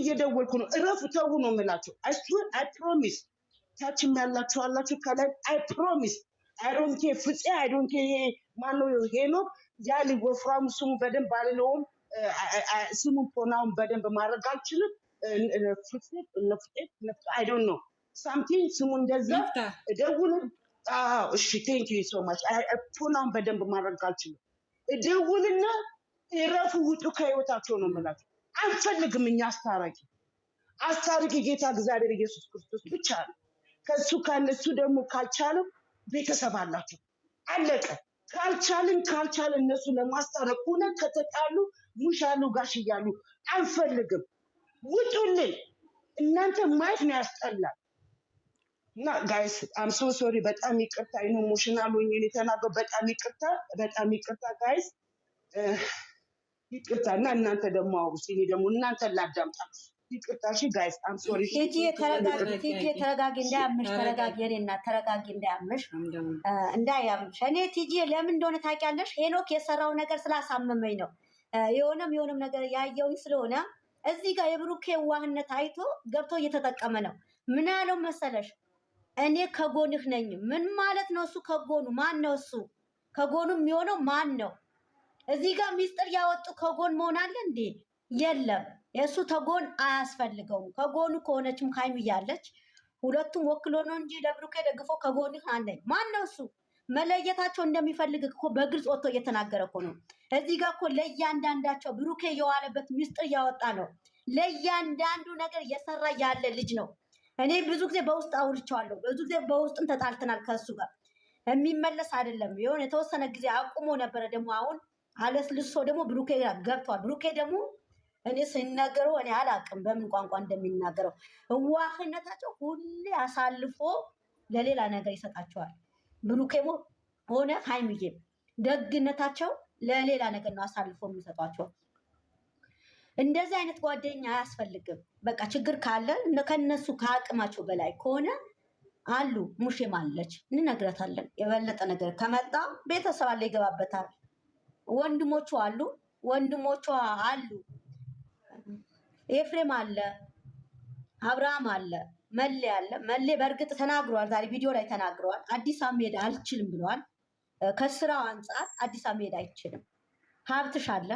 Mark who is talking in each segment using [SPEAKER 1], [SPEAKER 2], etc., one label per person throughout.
[SPEAKER 1] እየደወልኩ ነው። እረፉ፣ ተው ነው የምላቸው። አይ ፕሮሚስ ታችም ያላቸው አላቸው፣ ከላይ አይ ፕሮሚስ አይዶንኬ ፍፄ አይዶንኬ ይሄ ማነው ሄኖክ ያል ወፍራሙ ስሙ በደንብ አልለውም። ስሙን ፖናውን በደንብ ማድረግ አልችልም። ፍፄ ስሙ በደንብ ማድረግ አልችልም። እደውልና እረፉ፣ ውጡ ከህይወታቸው ነው የምላቸው አንፈልግም እኛ አስታራቂ አስታርቂ ጌታ እግዚአብሔር ኢየሱስ ክርስቶስ ብቻ ነው። ከሱ ካለሱ ደግሞ ካልቻለም ቤተሰብ አላቸው አለቀ። ካልቻልን ካልቻል እነሱ ለማስታረቅ ሆነ ከተጣሉ ሙሻሉ ጋሽ እያሉ አንፈልግም፣ ውጡልን። እናንተ ማየት ነው ያስጠላል። እና ጋይስ አምሶ ሶሪ፣ በጣም ይቅርታ ኢሞሽናል ሆኜ የተናገው በጣም ይቅርታ፣ በጣም ይቅርታ ጋይስ ይቅርታ እና እናንተ ደግሞ አውሩ። እኔ ደግሞ እናንተ ላዳምጣ ይቅርታ እሺ ጋይስ አም ሶሪ።
[SPEAKER 2] ቲጂ ተረጋጊ፣ እንዳያምሽ ተረጋጊ። እኔ እናት ተረጋጊ፣ እንዳያምሽ እንዳያምሽ። እኔ ቲጂ ለምን እንደሆነ ታውቂያለሽ? ሄኖክ የሰራው ነገር ስላሳመመኝ ነው። የሆነም የሆነም ነገር ያየውኝ ስለሆነ እዚህ ጋር የብሩኬ ዋህነት አይቶ ገብቶ እየተጠቀመ ነው። ምን ያለው መሰለሽ? እኔ ከጎንህ ነኝ። ምን ማለት ነው እሱ? ከጎኑ ማን ነው እሱ? ከጎኑ የሚሆነው ማን ነው? እዚህ ጋር ሚስጥር ያወጡ ከጎን መሆን አለ እንዴ? የለም። የእሱ ተጎን አያስፈልገውም። ከጎኑ ከሆነችም ሀይሚ እያለች ሁለቱም ወክሎ ነው እንጂ ለብሩኬ ደግፎ ከጎንህ አለኝ። ማን ነው እሱ? መለየታቸው እንደሚፈልግ እኮ በግልጽ ወጥቶ እየተናገረ እኮ ነው። እዚህ ጋር እኮ ለእያንዳንዳቸው ብሩኬ የዋለበት ሚስጥር እያወጣ ነው። ለእያንዳንዱ ነገር እየሰራ ያለ ልጅ ነው። እኔ ብዙ ጊዜ በውስጥ አውርቼዋለሁ። ብዙ ጊዜ በውስጥም ተጣልተናል ከእሱ ጋር የሚመለስ አይደለም። የሆነ የተወሰነ ጊዜ አቁሞ ነበረ። ደግሞ አሁን አለስልሶ ደግሞ ብሩኬ ገብቷል። ብሩኬ ደግሞ እኔ ሲናገረው እኔ አላቅም በምን ቋንቋ እንደሚናገረው። እዋህነታቸው ሁሌ አሳልፎ ለሌላ ነገር ይሰጣቸዋል። ብሩኬሞ ሆነ ሀይሚዬም ደግነታቸው ለሌላ ነገር ነው አሳልፎ የሚሰጧቸው። እንደዚህ አይነት ጓደኛ አያስፈልግም። በቃ ችግር ካለ ከነሱ ከአቅማቸው በላይ ከሆነ አሉ ሙሼም አለች፣ እንነግረታለን። የበለጠ ነገር ከመጣ ቤተሰብ አለ ይገባበታል። ወንድሞቹ አሉ ወንድሞቿ አሉ። ኤፍሬም አለ፣ አብርሃም አለ፣ መሌ አለ። መሌ በእርግጥ ተናግሯል፣ ዛሬ ቪዲዮ ላይ ተናግረዋል። አዲስ አበባ መሄድ አልችልም ብለዋል። ከስራው አንጻር አዲስ አበባ መሄድ አይችልም። ሀብትሽ አለ፣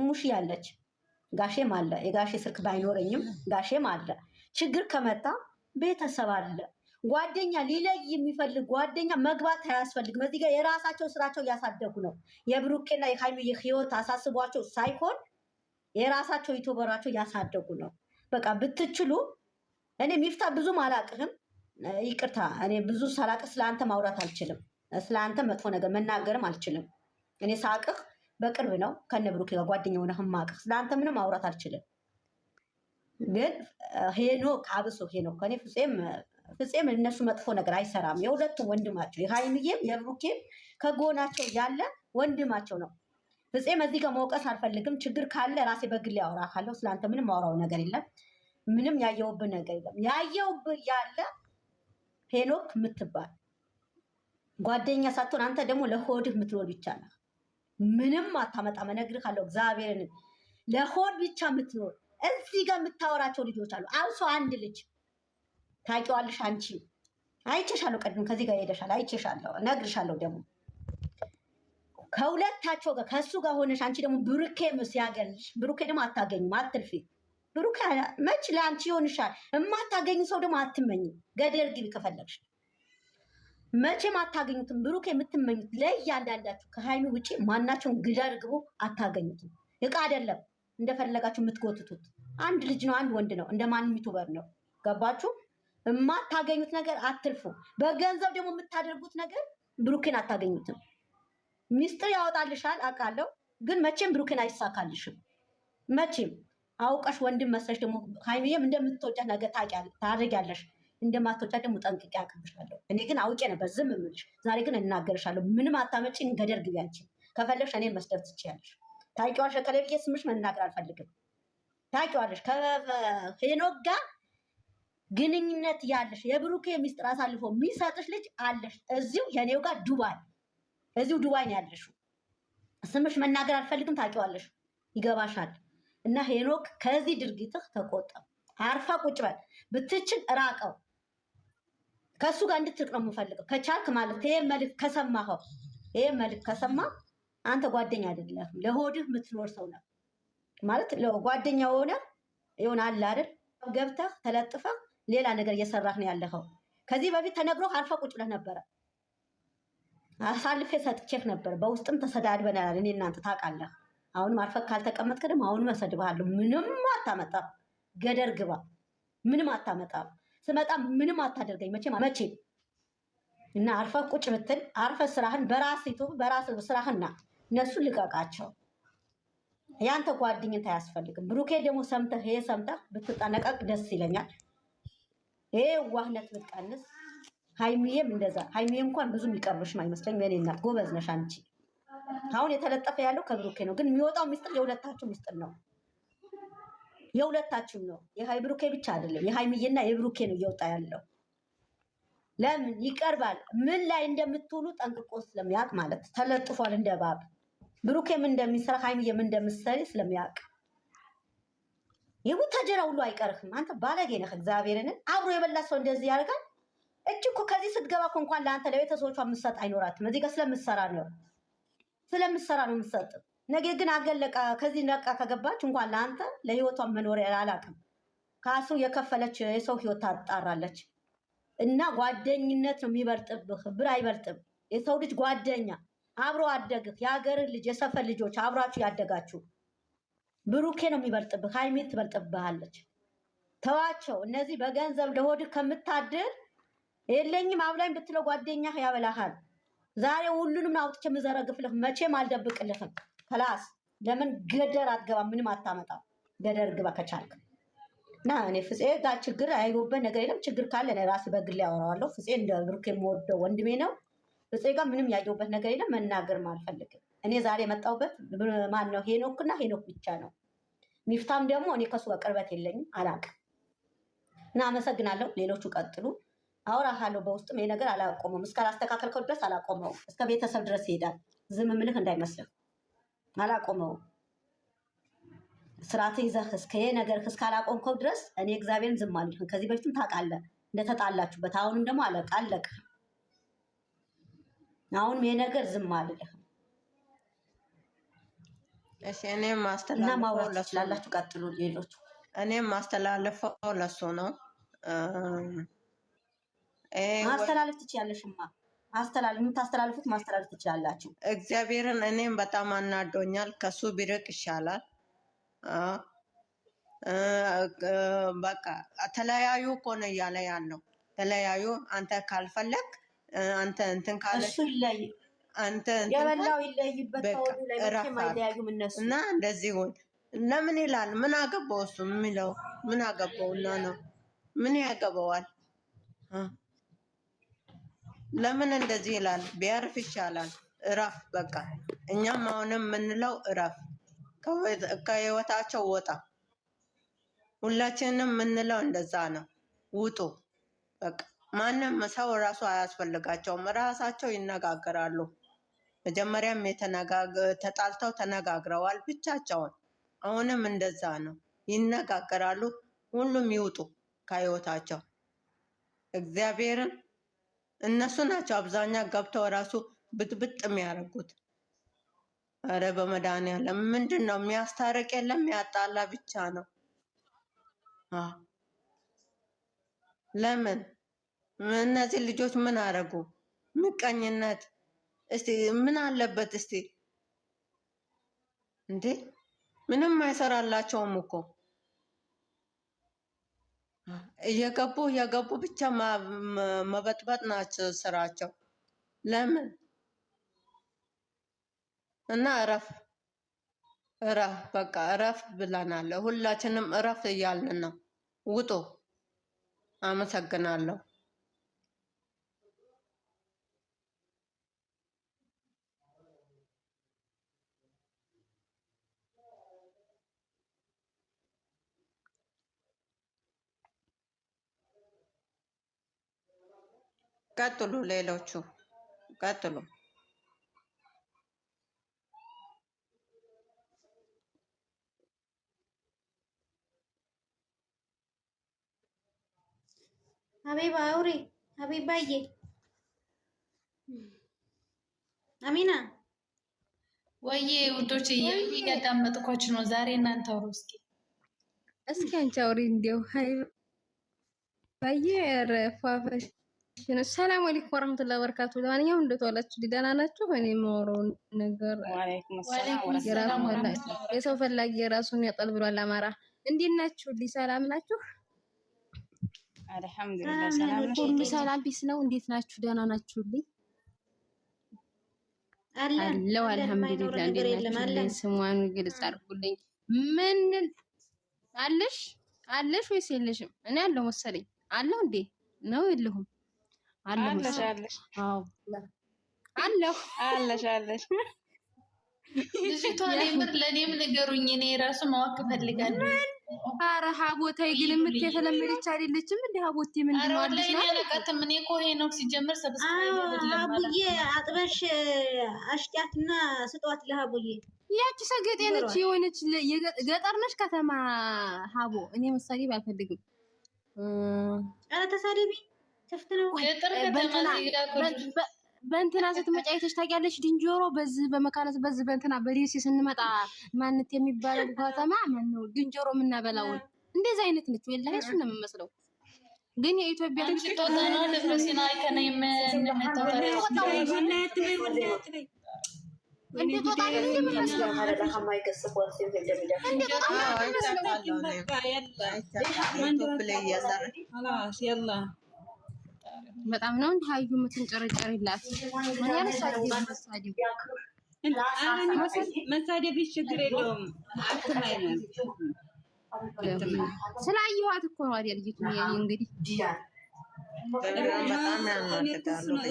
[SPEAKER 2] እሙሽ ያለች፣ ጋሼም አለ። የጋሼ ስልክ ባይኖረኝም ጋሼም አለ። ችግር ከመጣ ቤተሰብ አለ። ጓደኛ ሊለይ የሚፈልግ ጓደኛ መግባት አያስፈልግም። እዚህ ጋር የራሳቸው ስራቸው እያሳደጉ ነው። የብሩኬና የሃይሚ ህይወት አሳስቧቸው ሳይሆን የራሳቸው ዩቱበራቸው እያሳደጉ ነው። በቃ ብትችሉ እኔ ሚፍታ ብዙም አላቅህም፣ ይቅርታ እኔ ብዙ ሳላቅህ ስለ ማውራት አልችልም። ስለ መጥፎ ነገር መናገርም አልችልም። እኔ ሳቅህ በቅርብ ነው ከነ ብሩኬ ጋር ጓደኛ ሆነህ ማቅህ። ስለ ምንም ማውራት አልችልም። ግን ሄኖክ አብሶ ሄኖክ ከኔ ፍጹም ፍፄም እነሱ መጥፎ ነገር አይሰራም። የሁለቱም ወንድማቸው የሀይምዬም የብሩኬም ከጎናቸው ያለ ወንድማቸው ነው። ፍፄም እዚህ ጋር መውቀስ አልፈልግም። ችግር ካለ ራሴ በግሌ አውራ ካለው ስለአንተ ምንም ማውራው ነገር የለም። ምንም ያየውብን ነገር የለም። ያየውብ ያለ ሄኖክ የምትባል ጓደኛ ሳትሆን አንተ ደግሞ ለሆድህ የምትኖር ይቻላል። ምንም አታመጣም። እነግርህ አለው እግዚአብሔርን ለሆድ ብቻ የምትኖር እዚህ ጋር የምታወራቸው ልጆች አሉ። አብሶ አንድ ልጅ ታውቂዋለሽ አንቺ አይቼሻለሁ። ቀድም ከዚህ ጋር ሄደሻል፣ አይቼሻለሁ፣ እነግርሻለሁ። ደግሞ ከሁለታቸው ጋር ከእሱ ጋር ሆነሽ አንቺ ደግሞ ብሩኬ ሲያገልሽ፣ ብሩኬ ደግሞ አታገኝም፣ አትልፊ። ብሩኬ መች ለአንቺ ይሆንሻል። የማታገኝ ሰው ደግሞ አትመኝ፣ ገደል ግቢ ከፈለግሽ። መቼም አታገኙትም። ብሩኬ የምትመኙት ለእያንዳንዳችሁ ከሀይሚ ውጭ ማናቸውን ግደር ግቡ አታገኙትም። እቃ አይደለም እንደፈለጋችሁ የምትጎትቱት። አንድ ልጅ ነው፣ አንድ ወንድ ነው፣ እንደ ማንም ዩቱበር ነው። ገባችሁ? የማታገኙት ነገር አትልፉ። በገንዘብ ደግሞ የምታደርጉት ነገር ብሩኬን አታገኙትም። ሚስጥር ያወጣልሻል አውቃለሁ፣ ግን መቼም ብሩኬን አይሳካልሽም። መቼም አውቀሽ ወንድም መሰለሽ ደግሞ ሀይሚዬም እንደምትወጫት ነገር ታደርጊያለሽ። እንደማትወጫት ደግሞ ጠንቅቄ አውቅብሻለሁ። እኔ ግን አውቄ ነበር ዝም የምልሽ፣ ዛሬ ግን እናገርሻለሁ። ምንም አታመጪ ገደር ግቢ ከፈለግሽ እኔን መስደብ ትችያለሽ። ታውቂዋለሽ። ከሌብዬ ስምሽ መናገር አልፈልግም። ታውቂዋለሽ ከሄኖክ ጋር ግንኙነት ያለሽ የብሩኬ ሚስጥር አሳልፎ የሚሰጥሽ ልጅ አለሽ። እዚሁ የኔው ጋር ዱባይ፣ እዚሁ ዱባይ ነው ያለሽው። ስምሽ መናገር አልፈልግም፣ ታውቂዋለሽ፣ ይገባሻል። እና ሄኖክ ከዚህ ድርጊትህ ተቆጠብ፣ አርፋ ቁጭ በል፣ ብትችል ራቀው። ከእሱ ጋር እንድትርቅ ነው የምፈልገው ከቻልክ ማለት ይሄ መልክ ከሰማኸው፣ ይሄ መልክ ከሰማ አንተ ጓደኛ አይደለም፣ ለሆድህ የምትኖር ሰው ነው ማለት ጓደኛ ሆነ ይሆን አለ አይደል ገብተህ ተለጥፈህ ሌላ ነገር እየሰራህ ነው ያለኸው። ከዚህ በፊት ተነግሮ አርፈ ቁጭ ብለህ ነበረ። አሳልፌ ሰጥቼህ ነበር። በውስጥም ተሰዳድበናል። እኔ እናንተ ታውቃለህ። አሁንም አርፈህ ካልተቀመጥክ ደግሞ አሁንም እሰድብሃለሁ። ምንም አታመጣም። ገደር ግባ። ምንም አታመጣም። ስመጣ ምንም አታደርገኝ መቼ መቼ እና አርፈ ቁጭ ብትል አርፈ ስራህን በራስ ዩቱብ በራስ ስራህና እነሱን ልቀቃቸው። ያንተ ጓደኝነት አያስፈልግም። ብሩኬ ደግሞ ሰምተህ ይሄ ሰምተህ ብትጠነቀቅ ደስ ይለኛል። ይሄ ዋህነት ብትቀንስ ሀይሚዬም እንደዛ ሀይሚዬ እንኳን ብዙ የሚቀርብሽም አይመስለኝም። የኔ እናት ጎበዝ ነሽ አንቺ። አሁን የተለጠፈ ያለው ከብሩኬ ነው፣ ግን የሚወጣው ሚስጥር የሁለታችሁ ሚስጥር ነው። የሁለታችሁም ነው። የሀይ ብሩኬ ብቻ አይደለም፣ የሀይሚዬና የብሩኬ ነው እየወጣ ያለው። ለምን ይቀርባል? ምን ላይ እንደምትውሉ ጠንቅቆ ስለሚያውቅ ማለት ተለጥፏል። እንደ ባብ እንደሚሰራ ሀይሚዬ ምን እንደምትሰሪ ስለሚያውቅ የቡታጀራ ሁሉ አይቀርህም። አንተ ባለጌ ነህ። እግዚአብሔርን አብሮ የበላ ሰው እንደዚህ ያደርጋል። እጅ እኮ ከዚህ ስትገባ እንኳን ለአንተ ለቤተሰቦቿ የምትሰጥ አይኖራትም። እዚህ ጋር ስለምትሰራ ነው ስለምትሰራ ነው የምትሰጥ። ነገር ግን አገለቃ ከዚህ ነቃ ከገባች እንኳን ለአንተ ለህይወቷ መኖሪያ አላቅም። ከሱ የከፈለች የሰው ህይወት ታጣራለች። እና ጓደኝነት ነው የሚበልጥብህ፣ ብር አይበልጥም። የሰው ልጅ ጓደኛ አብሮ አደግህ፣ የሀገርህ ልጅ፣ የሰፈር ልጆች አብራችሁ ያደጋችሁ ብሩኬ ነው የሚበልጥብህ። ሀይሚ ትበልጥብሃለች። ተዋቸው። እነዚህ በገንዘብ ለሆድ ከምታድር የለኝም አብላኝ ብትለው ጓደኛህ ያበላሃል። ዛሬ ሁሉንም አውጥቼ ምዘረግፍልህ መቼም አልደብቅልህም። ከላስ ለምን ገደር አትገባ? ምንም አታመጣም። ገደር ግባ ከቻልክ እና እኔ ፍፄ ጋ ችግር አይጎበት ነገር የለም። ችግር ካለ እኔ ራሴ በግል ያወራዋለሁ። ፍፄ እንደ ብሩኬ የምወደው ወንድሜ ነው። ፍፄ ጋር ምንም ያየውበት ነገር የለም። መናገርም አልፈልግም። እኔ ዛሬ የመጣሁበት ማን ነው? ሄኖክና ሄኖክ ብቻ ነው። ሚፍታም ደግሞ እኔ ከሱ ጋር ቅርበት የለኝም አላቅም። እና አመሰግናለሁ። ሌሎቹ ቀጥሉ፣ አወራሃለሁ በውስጥም። ይሄ ነገር አላቆመውም፣ እስካላስተካከልከው ድረስ አላቆመውም። እስከ ቤተሰብ ድረስ ይሄዳል። ዝም ምልህ እንዳይመስልም አላቆመውም። ስርዓት ይዘህ እስከ ይሄ ነገር እስካላቆምከው ድረስ እኔ እግዚአብሔርን ዝም አልልህም። ከዚህ በፊትም ታውቃለህ እንደተጣላችሁበት። አሁንም ደግሞ አለቅ አለቅ አሁንም ይሄ ነገር ዝም አልልህም።
[SPEAKER 3] እና ማውራት ትችላላችሁ። ቀጥሉ ሌሎቹ። እኔም ማስተላለፈው ለሱ ነው። ማስተላለፍ ትችላለሽማ። የምታስተላልፉት ማስተላለፍ ትችላላችሁ። እግዚአብሔርን እኔም በጣም አናዶኛል። ከሱ ቢርቅ ይሻላል። በቃ ተለያዩ እኮ ነው እያለ ያለው። ተለያዩ አንተ ካልፈለግ አንተ እንትን ካለ እሱ ይለይ አንተ የበላው ይለይበት እና እንደዚህ ሆን ምን ይላል? ምን አገባው እሱ የሚለው ምን አገባው እና ነው ምን ያገባዋል? ለምን እንደዚህ ይላል? ቢያርፍ ይቻላል። እረፍ በቃ። እኛም አሁንም የምንለው እረፍ፣ ከህይወታቸው ወጣ። ሁላችንም የምንለው እንደዛ ነው። ውጡ በቃ። ማንም ሰው እራሱ አያስፈልጋቸውም። እራሳቸው ይነጋገራሉ። መጀመሪያም ተጣልተው ተነጋግረዋል ብቻቸውን። አሁንም እንደዛ ነው፣ ይነጋገራሉ። ሁሉም ይውጡ ከህይወታቸው። እግዚአብሔርን እነሱ ናቸው አብዛኛ ገብተው ራሱ ብጥብጥ የሚያደርጉት። ኧረ በመድኃኒዓለም ምንድን ነው የሚያስታርቅ የለም የሚያጣላ ብቻ ነው። ለምን እነዚህ ልጆች ምን አደረጉ? ምቀኝነት እስቲ ምን አለበት እስቲ እንዴ ምንም አይሰራላቸውም እኮ እየገቡ እየገቡ ብቻ መበጥበጥ ናቸው ስራቸው። ለምን እና እረፍ እረፍ በቃ እረፍ ብለናል። ሁላችንም እረፍ እያልን ነው። ውጡ። አመሰግናለሁ። ቀጥሉ፣ ሌሎቹ ቀጥሉ።
[SPEAKER 4] ሀቢባ አውሪ፣ ሀቢባዬ፣ አሚና
[SPEAKER 5] ወይዬ፣ ውዶች እያዳመጥኳች ነው። ዛሬ እናንተ አውሩ እስኪ
[SPEAKER 6] እስኪ አንቺ አውሪ እንዲያው ሀይ ባየ ረፋፈሽ ሰላም አለይኩም ወራህመቱላሂ ወበረካቱ። ለማንኛውም እንደተዋላችሁ ደህና ናችሁ? እኔ የማወራውን ነገር የሰው ፈላጊ የራሱን ያጠል ብሏል አማራ። እንዴት ናችሁ? ሰላም ናችሁ?
[SPEAKER 7] አልሐምዱሊላህ ሰላም
[SPEAKER 6] ነሽ? ቢስ ነው። እንዴት ናችሁ? ደህና ናችሁልኝ? አለው አልሐምዱሊላህ። እንዴት ናችሁ? ስሟን ግልጽ አድርጉልኝ። ምን አለሽ አለሽ ወይስ የለሽም? እኔ አለው መሰለኝ። አለው እንዴ ነው የለሁም አለሻለሽ
[SPEAKER 5] ልጅቷ ለእኔም ንገሩኝ። እኔ ራሱ ማወቅ እፈልጋለሁ።
[SPEAKER 4] ኧረ ሀቦታይ ግን ምት የተለመደች አይደለችም። እንደ ሀቦቴ ምንድን ነው አለሽ ሄኖክ ሲጀምር አጥበሽ አሽጫትና ስጧት ለሀቡዬ። ያቺ ሰገጤ ነች የሆነች ገጠር ነች ከተማ ሀቦ። እኔ ምሳሌ ባልፈልግም ኧረ ክፍት ነው። በእንትና ስትመጫ አይተሽ ታውቂያለሽ? ድንጆሮ በዚህ በመካነት በዚህ በእንትና በደሴ ስንመጣ ማንት የሚባለው ከተማ ነው ድንጆሮ የምናበላውን እንደዚህ አይነት ነች። ወላሂ እሱ ነው የምመስለው። ግን የኢትዮጵያ እንደ በጣም ነው እንዲህ አዩ የምትንጨረጨሪላት ምን ያነሳችሁ መሳደብሽ ችግር የለውም ነው ስላየኋት እኮ ነው አይደል ልጅቱ እንግዲህ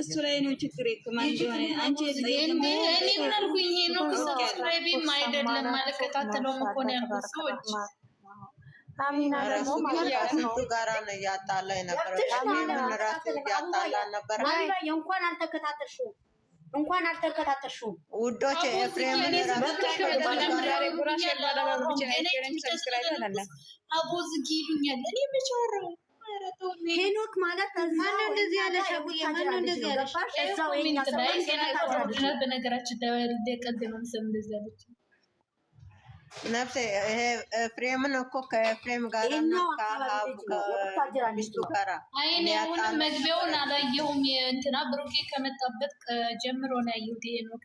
[SPEAKER 4] እሱ ላይ ነው ችግር ነው ታሚና ደግሞ ከራሱ ጋራ ነው እያጣላኝ ነበረ። ራሱ እያጣላ ነበረ። እንኳን አልተከታተልሽውም እንኳን አልተከታተልሽውም ውዶች ኤፍሬምን አቦዝጊ ይሉኛል እኔ ሄኖክ ማለት ማነው እንደዚህ ያለ አቡዬ ማነው እንደዚህ ያለሽ? በነገራችን ቀልድ ነው መሰለኝ እንደዚህ ያለችው
[SPEAKER 7] ነፍሴ ፍሬምን እኮ ከኤፍሬም ጋር እና ከሚስቱ ጋር
[SPEAKER 5] አይኔ መግቢያውን አላየሁም። እንትና ብሩኬ ከመጣበት ጀምሮ ነው ያየሁት። ይሄ ነው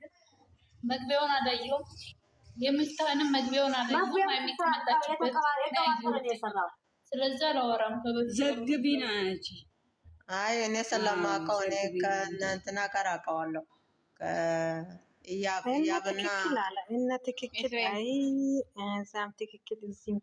[SPEAKER 5] መግቢያውን አላየሁም። የምታንም መግቢያውን አላየሁም። የሚመጣችበት ስለዛ አላወራም። ዘግቢ ናች።
[SPEAKER 7] አይ እኔ ስለማውቀው እኔ ከእነ ጋር አውቀዋለሁ እያብና እነ ትክክል ላይ እዛም ትክክል እዚህም